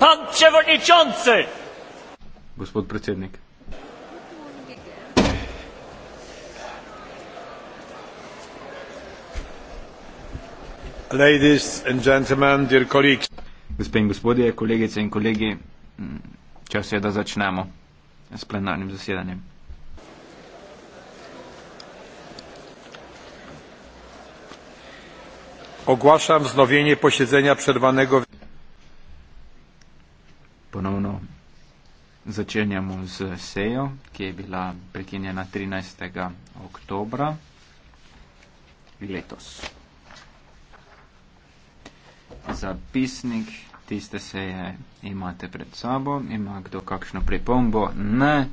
pan przewodniczący! Gospod predsednik. Ladies and gentlemen, dear colleagues. Gospe in gospodje, kolegice in kolegi, mm, čas je, da začnemo s plenarnim zasedanjem. Ogłaszam wznowienie posiedzenia przerwanego. začenjamo z sejo, ki je bila prekinjena 13. oktobra letos. Zapisnik tiste seje imate pred sabo, ima kdo kakšno pripombo? Ne,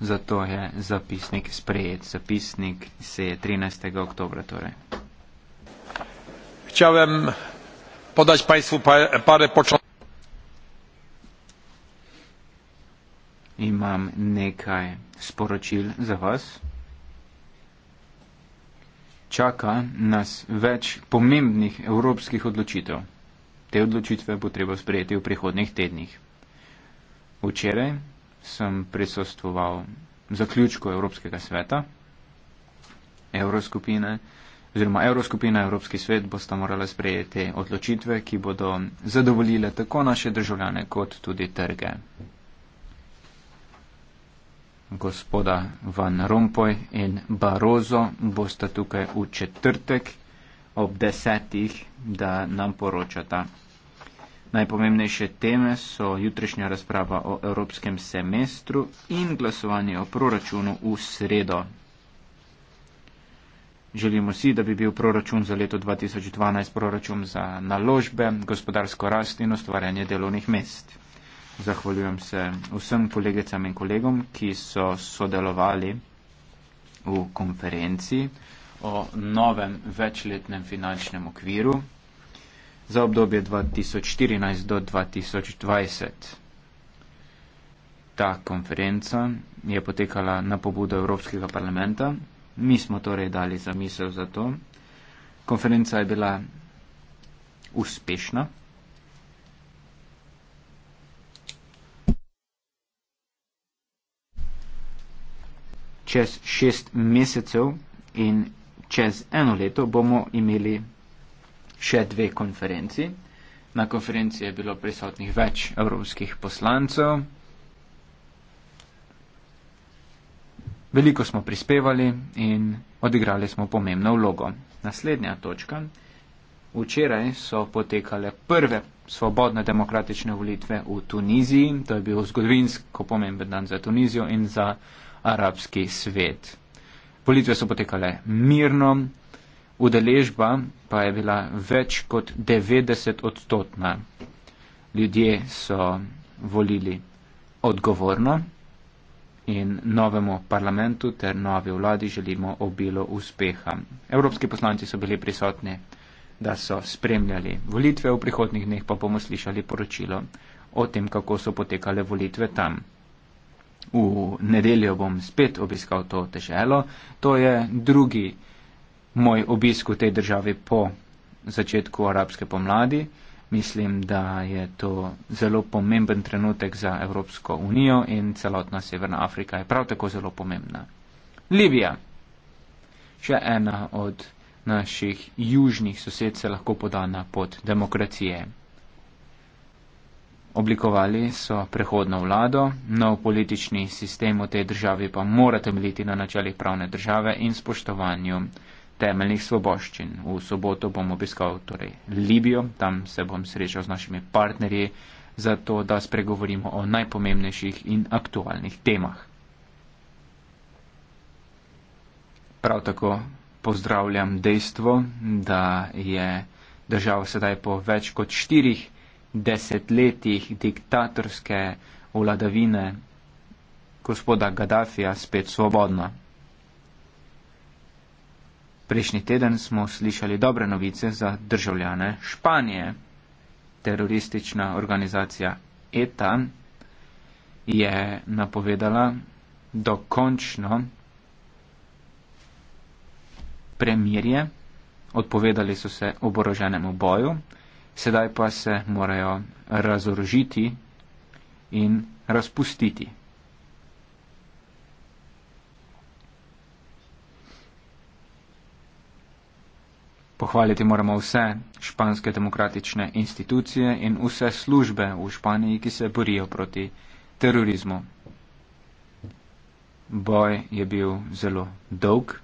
zato je zapisnik sprejet. Zapisnik seje 13. oktobra torej. Chciałem podać Państwu parę początków. imam nekaj sporočil za vas. Čaka nas več pomembnih evropskih odločitev. Te odločitve bo treba sprejeti v prihodnih tednih. Včeraj sem prisostoval zaključku Evropskega sveta, Evroskupine, oziroma Evroskupina in Evropski svet bosta morala sprejeti odločitve, ki bodo zadovoljile tako naše državljane kot tudi trge gospoda Van Rompuy in Barozo bosta tukaj v četrtek ob desetih, da nam poročata. Najpomembnejše teme so jutrišnja razprava o evropskem semestru in glasovanje o proračunu v sredo. Želimo si, da bi bil proračun za leto 2012 proračun za naložbe, gospodarsko rast in ustvarjanje delovnih mest zahvaljujem se vsem kolegicam in kolegom, ki so sodelovali v konferenci o novem večletnem finančnem okviru za obdobje 2014 do 2020. Ta konferenca je potekala na pobudo Evropskega parlamenta. Mi smo torej dali zamisel za to. Konferenca je bila uspešna. čez šest mesecev in čez eno leto bomo imeli še dve konferenci. Na konferenci je bilo prisotnih več evropskih poslancev. Veliko smo prispevali in odigrali smo pomembno vlogo. Naslednja točka. Včeraj so potekale prve svobodne demokratične volitve v Tuniziji. To je bil zgodovinsko pomemben dan za Tunizijo in za arabski svet. Volitve so potekale mirno, udeležba pa je bila več kot 90 odstotna. Ljudje so volili odgovorno in novemu parlamentu ter novi vladi želimo obilo uspeha. Evropski poslanci so bili prisotni, da so spremljali volitve, v prihodnih dneh pa bomo slišali poročilo o tem, kako so potekale volitve tam v nedeljo bom spet obiskal to teželo. To je drugi moj obisk v tej državi po začetku arabske pomladi. Mislim, da je to zelo pomemben trenutek za Evropsko unijo in celotna Severna Afrika je prav tako zelo pomembna. Libija. Še ena od naših južnih sosed se lahko poda na pot demokracije. Oblikovali so prehodno vlado, nov politični sistem v tej državi pa mora temeljiti na načelih pravne države in spoštovanju temeljnih svoboščin. V soboto bom obiskal torej Libijo, tam se bom srečal z našimi partnerji, zato da spregovorimo o najpomembnejših in aktualnih temah. Prav tako pozdravljam dejstvo, da je država sedaj po več kot štirih desetletjih diktatorske vladavine gospoda Gaddafija spet svobodna. Prejšnji teden smo slišali dobre novice za državljane Španije. Teroristična organizacija ETA je napovedala dokončno premirje, odpovedali so se oboroženemu boju, sedaj pa se morajo razorožiti in razpustiti. Pohvaliti moramo vse španske demokratične institucije in vse službe v Španiji, ki se borijo proti terorizmu. Boj je bil zelo dolg.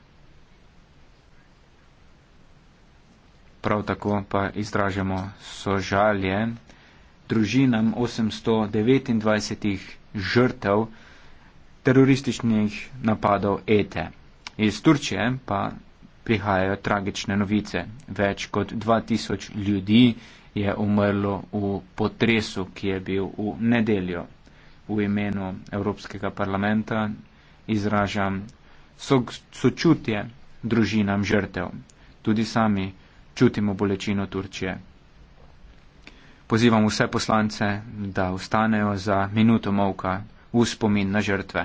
prav tako pa izražamo sožalje družinam 829 žrtev terorističnih napadov ETE. Iz Turčije pa prihajajo tragične novice. Več kot 2000 ljudi je umrlo v potresu, ki je bil v nedeljo. V imenu Evropskega parlamenta izražam so, sočutje družinam žrtev. Tudi sami čutimo bolečino Turčije. Pozivam vse poslance, da ostanejo za minuto molka v spomin na žrtve.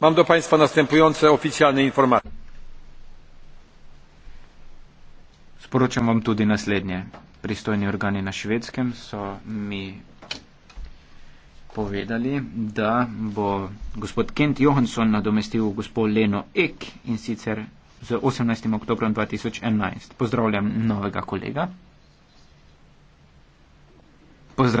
mam dla państwa następujące oficjalne informacje sporočam vam tudi naslednje pristojni organi na švedskem so mi povedali da bo gospod kent johansson nadomestil gospo leno ek in sicer z 18. oktobrom 2011. Pozdravljam novega kolega.